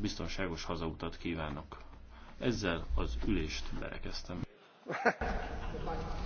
biztonságos hazautat kívánok. Ezzel az ülést berekeztem.